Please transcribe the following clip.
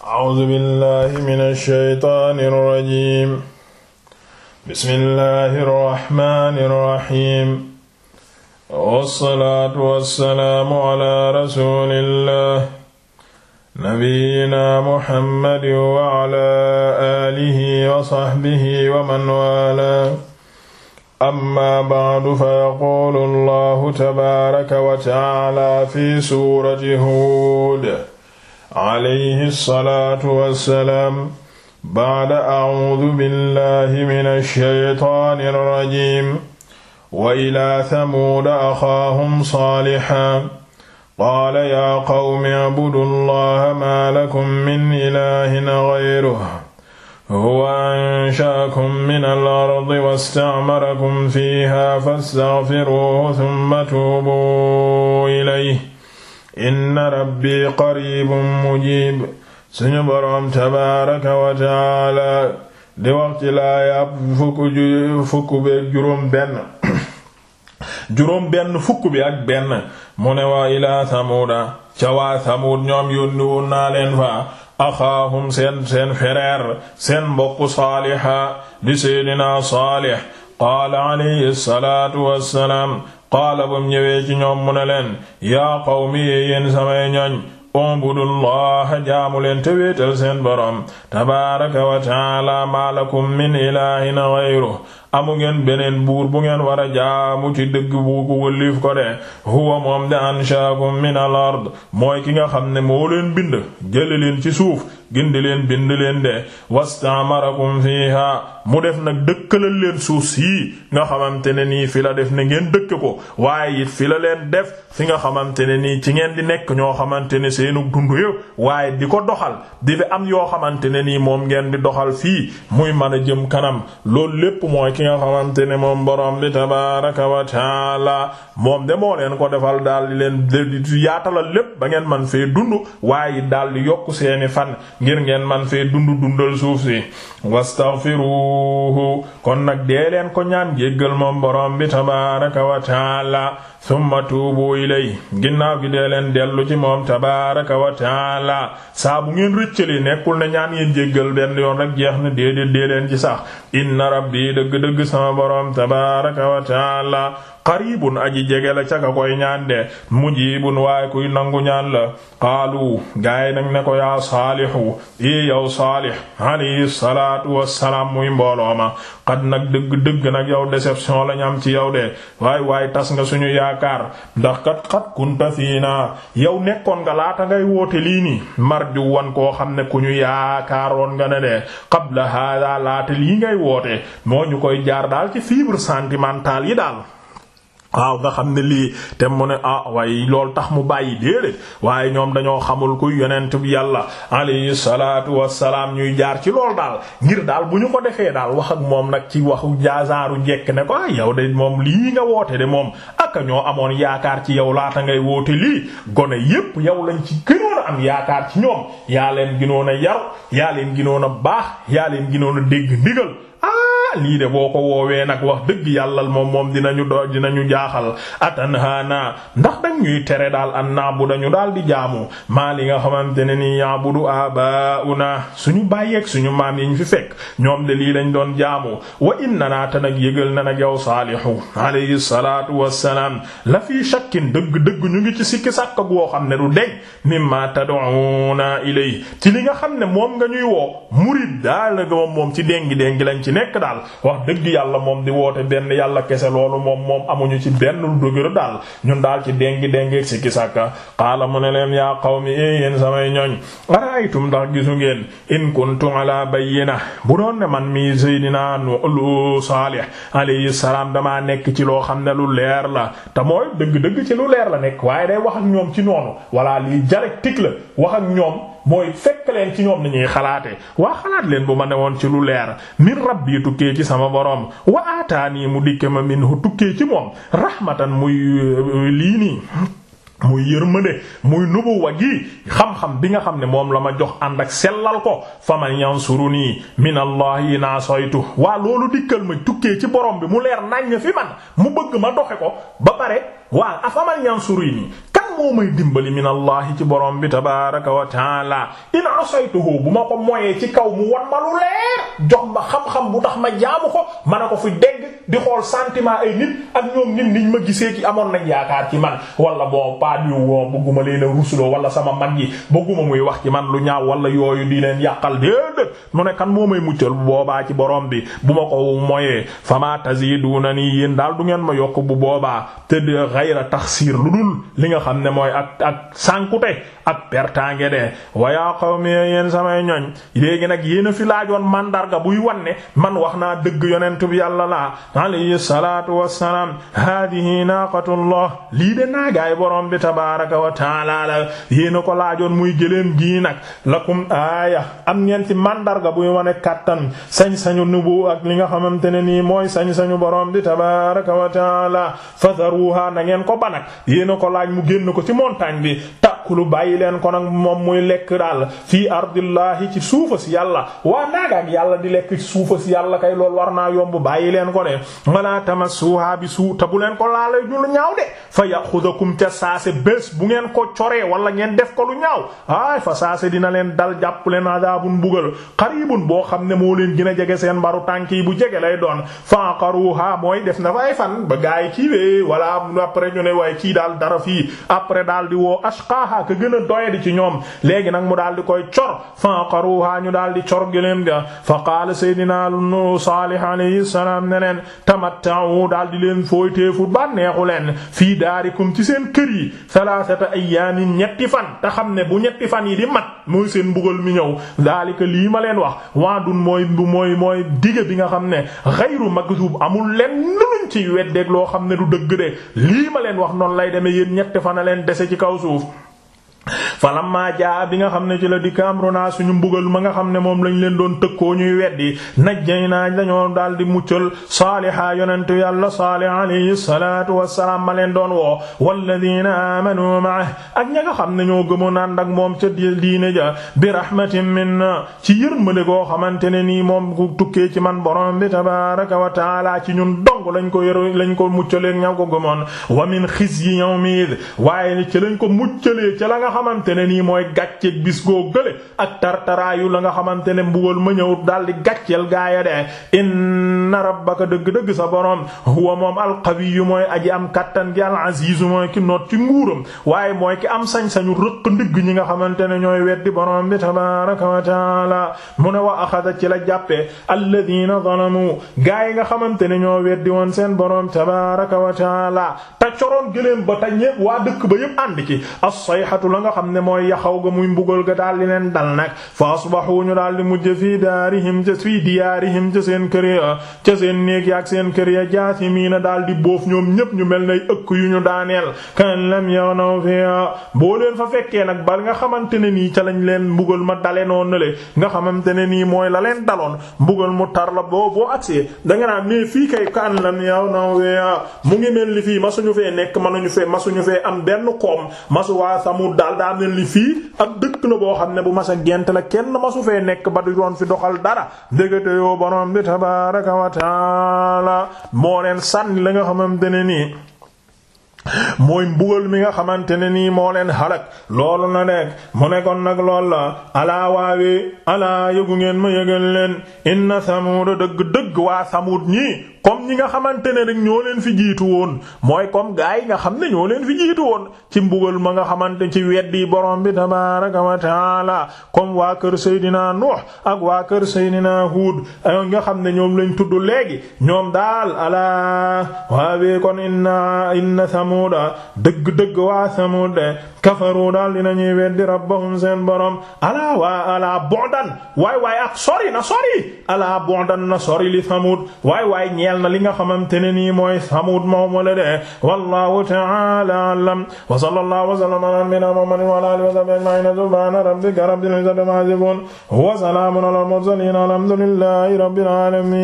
A'uuzu billaahi mina shaytaani rajiim. Bismillaahi rahmaani rahiim. Wassalaatu wassalaamu alaa rasuulillaah. Nabiyyinaa Muhammadin wa alaa aalihi wa sahbihi wa man waalaa. Ammaa ba'du fayaquulu Allaahu tabaaraka wa ta'aalaa fi suurati Huud. alayhi salaatu wassalaam baada acuudu billahi min alsheytaani alrajim wa ila thamuuda axaahum saalixa qaala yaa qawmi abudu allaha maa lakum min ilaahin gayruhu huwa anshaakum min alardi wastacmarakum fiiha fastaghfiruuhu thumma tuubuu ilayhi inna rabbi qaribun mujib suñu boroom tabaaraka wa taala di wax ci laaya fukk ju fukk beeg juróom benn juróom benn fukk bi ak benn mu ne waa ilaa samuuda ca waa samuud ñoom yónni woon naa leen fa axaahum seen seen fereer seen mbokk saaliha di seydinaa saalih qaala alayhi salaatu wassalaam qaala bam ñëwee ci ñoom mu ne leen yaa qawmi yéen samay ñoñ umbudullaha jaamu leen te seen borom tabaaraka wa taala maalakum min ilaahin ghayru amu ngeen beneen buur bu ngeen war a jaamu ci dëgg bu ko wëlliif ko de huwa moom de anshaakum min al mooy ki nga xam ne moo bind jële ci suuf gindi leen bind leen de wastaamarakum fiiha mu def nag dëkkalal leen suuf sii nga xamante ne nii fi la def na ngeen dëkk ko waaye it fi la leen def fi nga xamante ne nii ci ngeen di nekk ñoo xamante ne seenu dund yëpp waaye di ko doxal di fi am yoo xamante ne nii moom ngeen di doxal fii muy mën a jëm kanam loolu lépp mooy ki nga xamante ne moom borom bi tabaaraka wa la moom de moo leen ko defal daal di leen yaatalal lépp ba ngeen man fee dund waaye daal yokk seeni fan ngir ngeen man fee dund dundal suuf si wastaghfiruhu kon nag dee leen ko ñaan jéggal moom borom bi tabaaraka wa taala summa tuubu ilay ginnaaw gi dee leen dellu ci moom tabaaraka wa taala saabu bu ngeen rëccali nekkul ne ñaan ngeen jéggal benn yoon rek jeex na déedéet dee leen ci sax inna rabbi dëgg dëgg sama borom tabaaraka wa taala qaribun aji jege la ca ka koy ñaan de mujibun waaye kuy nangu ñaan la qaalu gaay nag ne ko yaa saalihu i yow saalih alayhi salaatu wassalaam muy mbooloo ma xat nag dëgg dëgg nag yow déception la ñam ci yow de waaye waaye tas nga suñu yaakaar ndax kat xat kunta fiina yow nekkoon nga laata ngay woote lii nii marju wan koo xam ne ku ñu yaakaaroon nga ne de qabla hada laata lii ngay woote moo ñu koy jaar daal ci fibre sentimentale yi daal waaw nga xam ne lii te mu ne ah waaye loolu tax mu bàyyi déedéet waaye ñoom dañoo xamul kuy yonent bu yàlla alayhi salaatu wassalaam ñuy jaar ci lool daal ngir daal bu ñu ko defee daal wax ak moom nag ci waxu jaasaaru njekk ne ko yow de moom lii nga woote de moom ak ñoo amoon yaakaar ci yow laata ngay woote lii gone yépp yow lañ ci gënoon a am yaakaar ci ñoom yaa leen gënoon a yaru yaa leen gënoon a baax yaa leen gënoon a dégg ndigal Ah, lii de boo ko woowee nag wax dëgg yàllal moom moom dinañu do dinañu jaaxal atanhaana ndax dang ñuy tere daal an bu dañu daal di jaamu maa li nga xamante ne nii yaabudu abauna suñu bàyyeeg suñu maam yi ñu fi fekk ñoom de lii lañ doon jaamu wa inna naa te nag yëgal na nag yow saalihu alayhi salaatu wassalaam la fii shakkin dëgg dëgg ñu ngi ci sikki sàkk goo xam ne du deñ mimma tad'una ilay ci li nga xam ne moom nga ñuy woo murid daal la moom moom ci déngi déngi lañ ci nekk daal daal wax dëgg yàlla moom di woote benn yàlla kese loolu moom moom amuñu ci benn lu dëgër daal ñun daal ci dengi dengi si kisaka qaala mu ne leen yaa qawmi eh, yéen samay ñoñ araytum ndax gisu ngeen in ba ala na bu doon ne man mi seydina lu salih alayhi salaam damaa nekk ci loo xam ne lu leer la te mooy dëgg dëgg ci lu leer la nekk waaye day wax ak ñoom ci noonu walla lii dialectique la wax ak ñoom mooy fekk leen ci ñoom ni ñuy xalaate waa xalaat leen bu ma ne woon ci lu leer min bii tukkee ci sama borom wa aataanii mu dikke ma min minhu tukkee ci moom rahmatan muy euh, lii nii muy yërmande muy nubuwa gi xam-xam bi nga xam ne moom la ma jox ànd ak sellal ko faman yansuruni min allah yi naa soytu waa loolu dikkal ma tukkee ci borom bi mu leer naññ fi man mu bëgg ma doxe ko ba pare waa afaman yansuruni moo may dimbali min allahi ci borom bi tabaraka wa taala in asaytuhu bu ma ko moyee ci kaw mu wan ma lu leer jox xam-xam bu tax ma jaamu ko ma ne ko fi dégg di xool sentiment ay nit ak ñoom nit niñ ma gisee ci amoon nañ yaakaar ci man wala bon pas du bon bëgguma leen a wala sama mag yi bëgguma muy wax ci man lu ñaaw wala yooyu di leen yàqal déedéet mu nekkan kan moo may muccal bu boobaa ci borom bi bu ma ko moyee fama tazidunani yéen daal du ngeen ma yokk bu boobaa te ne mooy ak ak sànkute ak pertange de wayaa qawmi yéen samay ñoñ léegi nag yéen fi laajoon màndarga buy wane man wax naa dëgg yonent bi yàlla la alayhi salaatu wassalaam haadihi naaqatullah lii de naagaay borom bi tabaaraka wa taala la yéen a ko laajoon muy gëléem gii nag lakum aaya am ngeen ci mandarga buy wane kàttan sañ-sañu nubu ak li nga xamante ne nii mooy sañ-sañu borom bi tabaaraka wa taala fadaruha ko banak yéen ko laaj mu génn ko ko ci montagne bi takulu bàyyi leen ko nag moom muy lekk daal fii ardillahi ci suufa yàlla waa naagaak yàlla di lekk ci suufa si yàlla kay loolu war naa yomb bàyyi leen ko de wala tamassuha bi suu ta bu leen ko laa lay ñu lu ñaaw de fa yaxudakum ca saase bés bu ngeen ko coree wala ngeen def ko lu ñaaw aay fa saase dina leen dal jàpp leen adabun mbugal qaribun boo xam ne moo leen gën a jege seen mbaru tànk yi bu jege lay doon fanqaruha mooy def na après daal di woo ashqaaha ka gën a doyadi ci ñoom léegi nag mu daal di koy cor faqaruha ñu daal di cor gëléem ga fa qaala sayyidina nu salih alayhi salaam ne leen tamatta'u daal di leen fooyteefu bànneexu leen fii daarikum ci seen kër yi thalathata ayyaamin ñetti fan te xam ne bu ñetti fan yi di mat mooy seen mbugal mi ñëw daalika lii ma leen wax waadun mooy mooy mooy dige bi nga xam ne ghayru makdhub amul leen lu ñu ci weddeeg loo xam ne du dëgg de lii ma leen wax noonu lay leen dese ci kaw suuf falamma jaa bi nga xam ne ci la dikk amruna suñu mbugal ma nga xam ne moom lañ leen doon tëkkoo ñuy weddi najjaynaa dañoo daal di muccal saaliha yonentu yàlla saalih alayhi wa wasalaam ma leen doon woo walladina amanu maah ak ña nga xam ne ñoo gëmoon ànd ak moom ca diine ja bi rahmatin minna ci yërmande goo xamante ne nii moom ku tukkee ci man borom bi tabaraka wa taala ci ñun dong lañ ko yër lañ ko muccalee ña ko gëmoon wa min xis yi yawmiid waaye ci lañ nga xamante ne nii mooy gàcceeg bis goog gële ak tartaraayu la nga xamante ne mbugal ma ñëw di gàcceel gaaya de inna rabbaka dëgg-dëgg sa borom huwa moom alqawiyyu mooy aji am kattan gi alazizu mooy ki noot ci nguuram waaye mooy ki am sañ-sañu rëq ndigg ñi nga xamante ne ñooy weddi borom bi tabaraka wa taala mu ne wa axada ci la jàppee alladina zalamu gaa yi nga xamante ne ñoo weddi woon seen borom tabaraka wa taala te coroon gëléem ba ta ñépp waa dëkk ba yépp ànd ci la nga xam ne mooy yaxaw ga mu mbugal ga daal di leen dal nag fa asbahu ñu daal di ca seen néeg ya ak seen kër ya jaasimiina daal di boof ñoom ñépp ñu mel nay ëkk yu ñu daaneel kan lam yanaw fiha boo leen fa fekkee nag ba nga xamante ne nii ca lañ leen mbugal ma dale noonu le nga xamante ne nii mooy la leen daloon mbugal mu tar la boo boo agsee danga naan mais fii kay kan lam yanaw fiha mu ngi mel li fii masuñu fee nekk manuñu fee fee am benn koom masu waa Samud daal daa mel ni fii ab dëkk la boo xam ne bu ma a gent la kenn masu fee nekk ba du doon fi doxal dara dëgg wa taala moo leen sànni la nga xamante ne nii mooy mbugal mi nga xamante ne nii moo leen halak loolu na nekk mu nekkoon nag lool la alaa waawee alaa yëgu ngeen ma yëgal leen inna samuuda dëgg dëgg waa samuud ñii comme ñi nga xamante ne rek ñoo leen fi jiitu woon mooy comme gaa yi nga xam ne ñoo leen fi jiitu woon ci mbugal ma nga xamante ci weddi borom bi tabaaraka wa taala kom waa kër Seydina Nuux ak waa kër Seydina Huud ay nga xam ne ñoom lañ tudd léegi ñoom daal alaa waawee kon inna inna Samuuda dëgg dëgg waa Samuud kafaru daal dinañuy weddi rabbahum seen borom alaa waa alaa bondan waay waay ak sori na sori alaa bondan na sori li samud waay waay ñeel na li nga xamante ne nii mooy samud moom wala de wallahu ta'ala a'lam wa sallallahu wa sallama ala nabiyyina muhammadin wa ala alihi wa sahbihi ajma'in subhana rabbika rabbil izzati amma yasifun wa salamun ala mursalin alhamdulillahi rabbil alamin